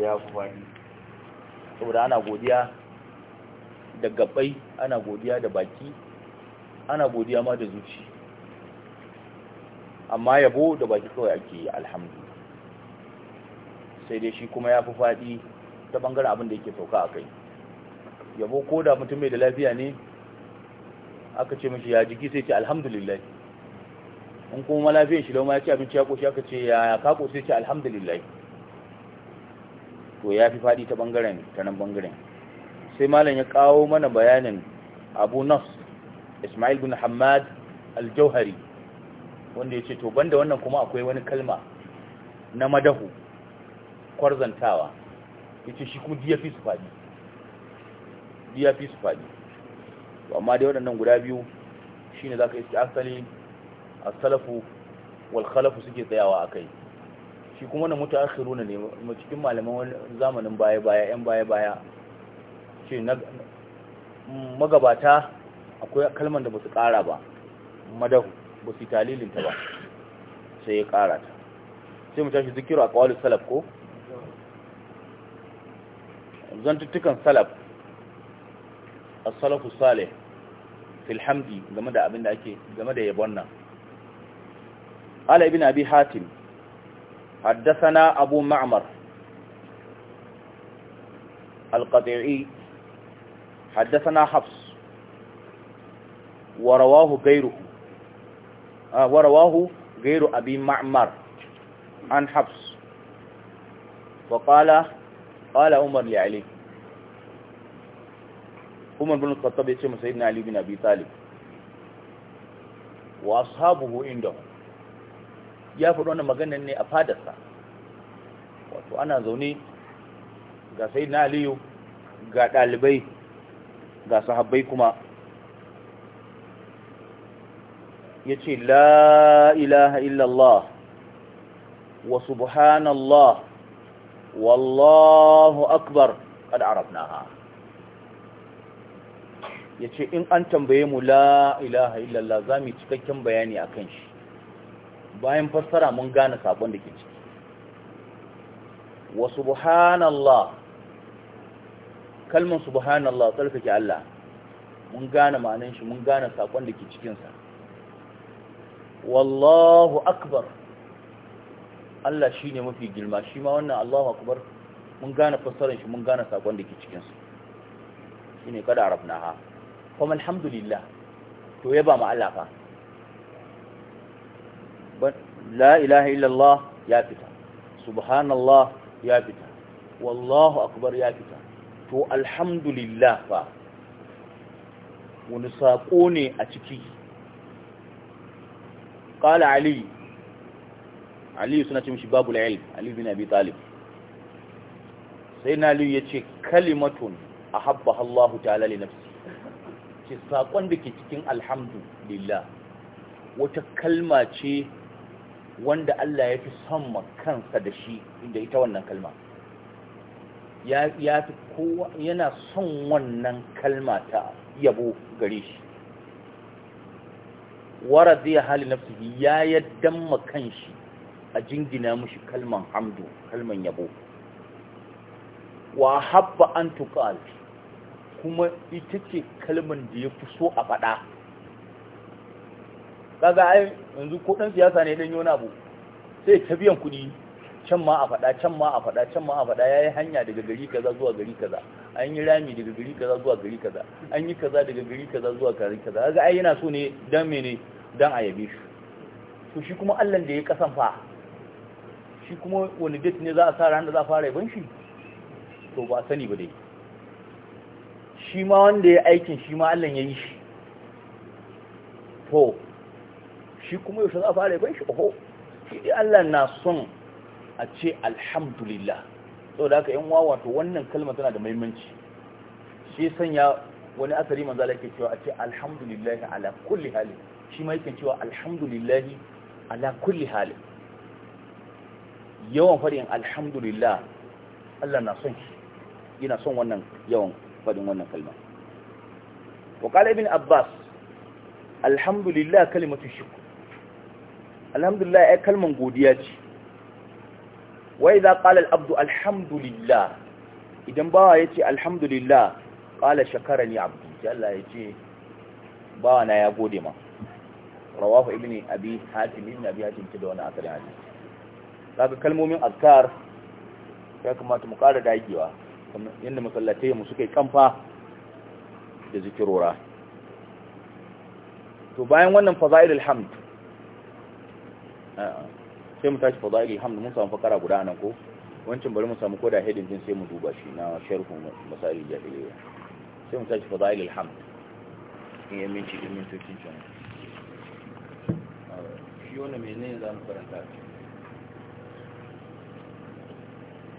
ya faɗi saboda ana godiya da gabai ana godiya da baki ana godiya ma da zuci amma yabo da baki kawai ake yi alhamdu sai dai shi kuma ya fi faɗi ta ɓangaren abin da yake sauka a kai yabo ko da mutum mai da lafiya ne aka ce mashi ya jiki sai ce alhamdulillah in kuma lafiyar shi lauma ya ce abinci ya ƙoshi aka ce ya kako sai ce alhamdulillah to ya fi faɗi ta ɓangaren ta nan ɓangaren sai malam ya kawo mana bayanin abu nafs ismail bin hamad aljauhari wanda ya ce to banda wannan kuma akwai wani kalma na madahu kwarzantawa ya ce shi kuma diya fi su faɗi diya fi su faɗi amma dai waɗannan guda biyu shi ne za ka iske asali asalafu walkhalafu suke tsayawa a kai shi kuma wannan na ne cikin malaman zamanin baya baya yan baya baya ce magabata akwai kalmar da ba su kara ba madahu ba su talilin ta ba sai ya kara ta sai mu tashi zikiru a kawalin salaf ko zantuttukan salaf a salafu salih filhamdi game da abin da ake game da yabon nan ala ibn abi hatim حدثنا أبو معمر القطيعي حدثنا حفص ورواه غيره آه ورواه غير أبي معمر عن حفص وقال قال عمر لعلي عمر بن الخطاب يتشم سيدنا علي بن أبي طالب وأصحابه عندهم ya faɗo wannan maganar ne a fadarsa wato ana zaune ga sai na aliyu ga ɗalibai ga sahabbai kuma ya ce la illallah wa subhanallah wallahu akbar kad na. ya ce in an tambaye mu la ilaha illallah za mu yi cikakken bayani a kan shi bayan fassara mun gane sabon da ke ciki wa subhanallah kalmar subhanallah tsarkake Allah mun gane ma'anin shi mun gane sakon da ke cikinsa wallahu akbar Allah shi ne mafi girma shi ma wannan Allahu akbar mun gane fassarar shi mun gane sakon da ke cikinsa shi ne kada arabna ha kuma alhamdulillah to yaba ma Allah fa la ilaha illallah ya fita subhanallah ya fita wallahu akbar ya fita to alhamdulillah fa wani saƙo ne a ciki ƙala ali ali suna ce mishi babu la'il ali bin abi talib sai na ya ce kalimatun a habba Allahu ta'ala li nafsi ce saƙon da ke cikin alhamdulillah wata kalma ce wanda Allah ya fi son kansa da shi inda ita wannan kalma ya yana son wannan kalma ta yabo gare shi wara zai hali nafsihi ya ma kanshi a jingina mashi kalman hamdu kalman yabo wa habba an tuqal kuma ita ce kalman da ya fi so a faɗa kaga ai yanzu ko dan siyasa ne dan yona abu sai ta biyan kuɗi can ma a faɗa can ma a faɗa can ma a faɗa yayi hanya daga gari kaza zuwa gari kaza an yi rami daga gari kaza zuwa gari kaza an yi kaza daga gari kaza zuwa gari kaza kaga ai yana so ne dan mene dan a yabe shi to shi kuma Allah da ya kasan fa shi kuma wani date ne za a sa ran da za a fara yaban shi to ba sani ba dai shi ma wanda ya aikin shi ma Allah ya yi shi to shi kuma shi za a fara yaban shi oho shi ɗi Allah na son a ce alhamdulillah da haka yan wawa to wannan kalma tana da maimanci shi sanya wani asari manzala yake cewa a ce alhamdulillah ala kulli hali shi ma yake cewa alhamdulillah ala kulli hali yawan fadin alhamdulillah Allah na son shi yana son wannan yawan fadin wannan kalma wa qala ibn abbas alhamdulillah kalimatu shukr alhamdulillah ai kalman godiya ce wai za qala al-abdu alhamdulillah idan bawa yace alhamdulillah qala shakarani abdi sai Allah yace bawa na ya gode ma rawahu ibni abi hatim ibn abi hatim da wani asali hadisi kaga kalmomin azkar ya kamata mu ƙara dagewa yadda masallatai mu suka yi kamfa da zikirora to bayan wannan fa faza'ilul alhamdu. sai mu tashi fadaili hamdu mun samu fakara guda nan ko wancan bari mu samu koda heading din sai mu duba shi na sharhun masail jahiliya sai mu tashi fadail hamdu in yi minti din mintocin can shi wannan menene zamu karanta